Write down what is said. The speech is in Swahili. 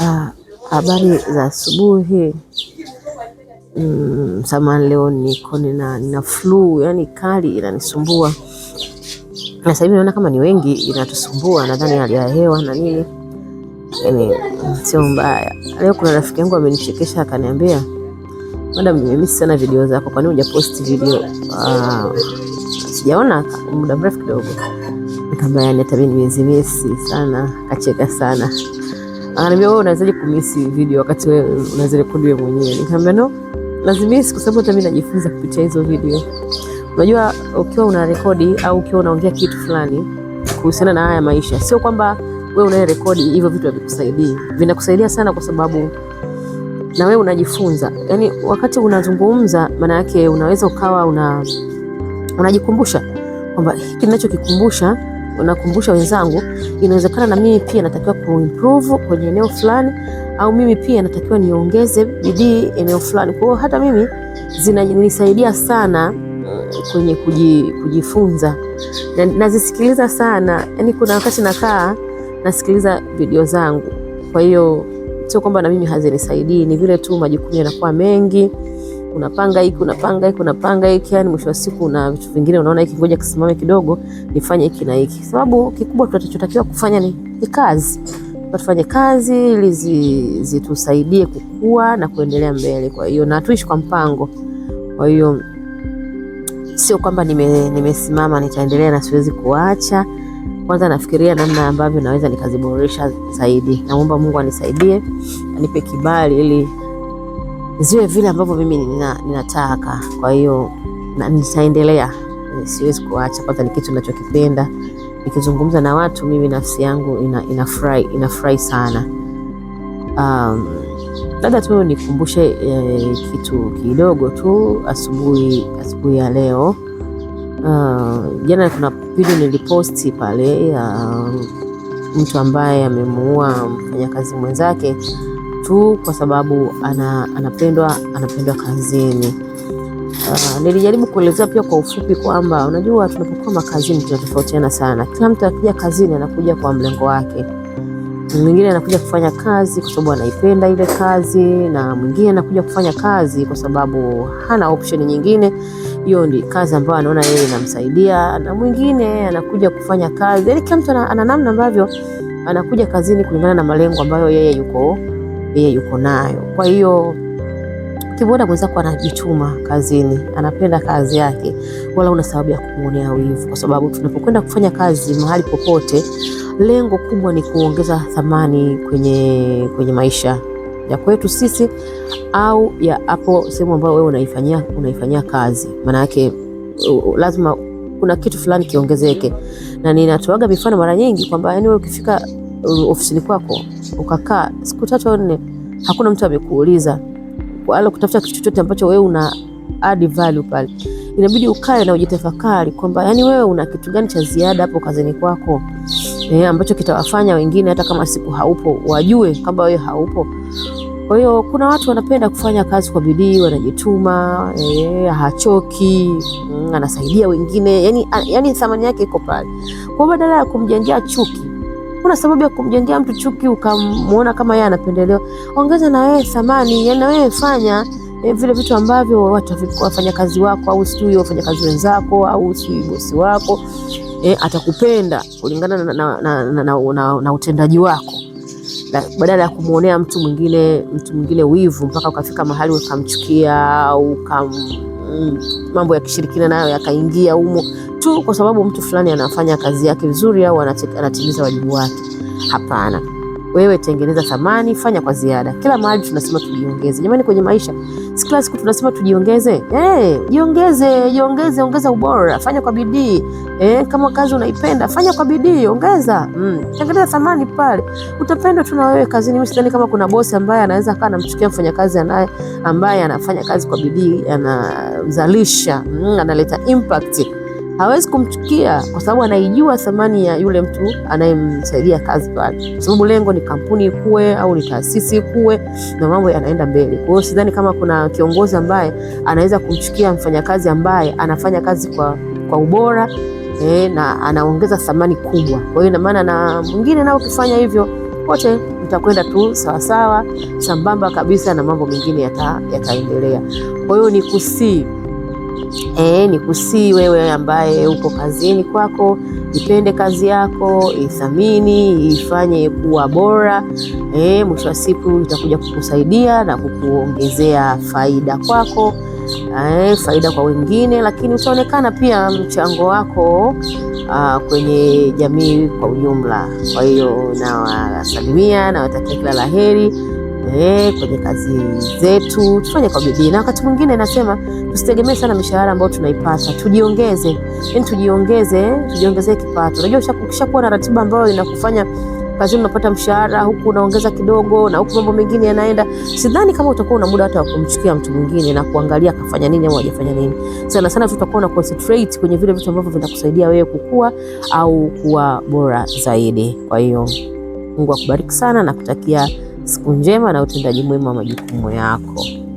Ah, habari za asubuhi. Mm, samahani leo niko nina, nina flu yani kali inanisumbua, na sasa hivi naona kama ni wengi inatusumbua, nadhani hali ya hewa na nini yani sio mbaya. Leo kuna rafiki yangu amenichekesha akaniambia, madam, nimemisi sana video zako, kwa nini hujaposti video? Ah, sijaona muda mrefu kidogo Tambayani hata mimi nimezimisi sana, kacheka sana. Ananiambia ah, wewe unawezaje kumisi video wakati wewe unaweza rekodi wewe mwenyewe? Nikamwambia no, lazimisi kwa sababu hata mimi najifunza kupitia hizo video. Unajua ukiwa una rekodi au ukiwa unaongea kitu fulani kuhusiana na haya maisha, sio kwamba wewe unaye rekodi hivyo vitu havikusaidii, vinakusaidia sana kwa sababu na wewe unajifunza. Yani wakati unazungumza, maana yake unaweza ukawa una unajikumbusha kwamba hiki ninachokikumbusha nakumbusha wenzangu, inawezekana na mimi pia natakiwa kuimprove kwenye eneo fulani, au mimi pia natakiwa niongeze bidii eneo fulani. Kwa hiyo hata mimi zinanisaidia sana eh, kwenye kujifunza, nazisikiliza sana. Yani kuna wakati nakaa nasikiliza video zangu, kwa hiyo sio kwamba na mimi hazinisaidii, ni vile tu majukumu yanakuwa mengi unapanga hiki unapanga hiki unapanga hiki, yani mwisho wa siku na vitu vingine unaona hiki ngoja kisimame kidogo nifanye hiki na hiki, sababu kikubwa tunachotakiwa kufanya ni, ni kazi. Tufanye kazi ili zitusaidie kukua na kuendelea mbele. Kwa hiyo na tuishi kwa mpango. Kwa hiyo sio kwamba nime, nimesimama nitaendelea na siwezi kuacha. Kwanza nafikiria namna ambavyo naweza nikaziboresha zaidi. Naomba Mungu anisaidie anipe kibali ili ziwe vile ambavyo mimi nina, ninataka. Kwa hiyo nitaendelea, siwezi kuacha, kwanza ni kitu ninachokipenda. Nikizungumza na watu mimi nafsi yangu inafurahi, ina inafurahi sana. Um, labda tu nikumbushe eh, kitu kidogo tu. Asubuhi asubuhi ya leo uh, jana kuna video niliposti pale ya uh, mtu ambaye amemuua mfanyakazi mwenzake tu kwa sababu ana, anapendwa anapendwa kazini. Uh, nilijaribu kuelezea pia kwa ufupi kwamba unajua, tunapokuwa makazini tunatofautiana sana. Kila mtu akija kazini anakuja kwa mlengo wake. Mwingine anakuja kufanya kazi kwa sababu anaipenda ile kazi, na mwingine anakuja kufanya kazi kwa sababu hana option nyingine, hiyo ndi kazi ambayo anaona yeye inamsaidia, na mwingine anakuja kufanya kazi. Yani kila mtu ana namna ambavyo anakuja kazini kulingana na malengo ambayo yeye yuko yeye yuko nayo. Kwa hiyo ukimuona mwenzako anajituma kazini, anapenda kazi yake, wala una sababu ya kumuonea wivu, kwa sababu tunapokwenda kufanya kazi mahali popote, lengo kubwa ni kuongeza thamani kwenye, kwenye maisha ya kwetu sisi au ya hapo sehemu ambayo wewe unaifanyia unaifanyia kazi. Maana yake lazima kuna kitu fulani kiongezeke, na ninatoaga mifano mara nyingi kwamba yani, wewe ukifika ofisini kwako ukakaa siku tatu au nne, hakuna mtu amekuuliza wala kutafuta kitu chochote ambacho wewe una add value pale, inabidi ukae na ujitafakari kwamba yani wewe una kitu gani cha ziada hapo kazini kwako e, ambacho kitawafanya wengine hata kama siku haupo wajue kwamba wewe haupo. Kwa hiyo kuna watu wanapenda kufanya kazi kwa bidii, wanajituma e, hachoki, mm, anasaidia wengine yani, yani thamani yake iko pale, kwa badala ya kumjengea chuki Una sababu ya kumjengea mtu chuki ukamwona kama yeye anapendelewa. Ongeza na wewe thamani, yaani wewe fanya e, vile vitu ambavyo watu wafanya kazi wako au sijui kazi wenzako au sijui bosi wako e, atakupenda kulingana na, na, na, na, na, na, na utendaji wako badala ya kumwonea mtu mwingine mtu mwingine wivu mpaka ukafika mahali ukamchukia au ukam, mm, mambo ya kishirikina nayo yakaingia humo tu kwa sababu mtu fulani anafanya kazi yake vizuri au anatimiza wajibu wake. Hapana, wewe tengeneza thamani, fanya kwa ziada. Kila mahali tunasema tujiongeze, jamani, kwenye maisha si kila siku tunasema tujiongeze. Hey, eh, jiongeze, jiongeze, ongeza ubora, fanya kwa bidii. Hey, eh, kama kazi unaipenda fanya kwa bidii, ongeza mm, tengeneza thamani pale, utapendwa tu na wewe kazini. Mimi sidhani kama kuna bosi ambaye anaweza akawa anamchukia mfanyakazi anaye ambaye anafanya kazi kwa bidii, anazalisha mm, analeta impact hawezi kumchukia kwa sababu anaijua thamani ya yule mtu anayemsaidia kazi pale, kwa sababu lengo ni kampuni ikuwe au ni taasisi ikuwe na mambo yanaenda mbele. Kwa hiyo sidhani kama kuna kiongozi ambaye anaweza kumchukia mfanyakazi ambaye anafanya kazi kwa, kwa ubora eh, na anaongeza thamani kubwa. Kwa hiyo ina maana na mwingine nao ukifanya hivyo, wote mtakwenda tu sawasawa sambamba kabisa, na mambo mengine yataendelea yata. Kwa hiyo ni kusii E, eh, kusii wewe ambaye upo kazini kwako, ipende kazi yako, ithamini, ifanye kuwa bora. E, mwisho wa siku itakuja kukusaidia na kukuongezea faida kwako, e, faida kwa wengine, lakini utaonekana pia mchango wako a, ah, kwenye jamii kwa ujumla. Kwa hiyo nawasalimia, nawatakia kila la heri eh, kwenye kazi zetu tufanye kwa bidii, na wakati mwingine nasema tusitegemee sana mishahara ambayo tunaipata, tujiongeze, yani tujiongeze, tujiongezee kipato. Unajua, ukishakuwa na ratiba ambayo inakufanya kazi unapata mshahara huku unaongeza kidogo na huku mambo mengine yanaenda, sidhani kama utakuwa una muda hata wa kumchukia mtu mwingine na kuangalia kafanya nini au hajafanya nini. Sana sana tutakuwa na concentrate kwenye vile vitu ambavyo vinakusaidia wewe kukua au kuwa bora zaidi. Kwa hiyo Mungu akubariki sana na kutakia Siku njema na utendaji mwema wa majukumu yako.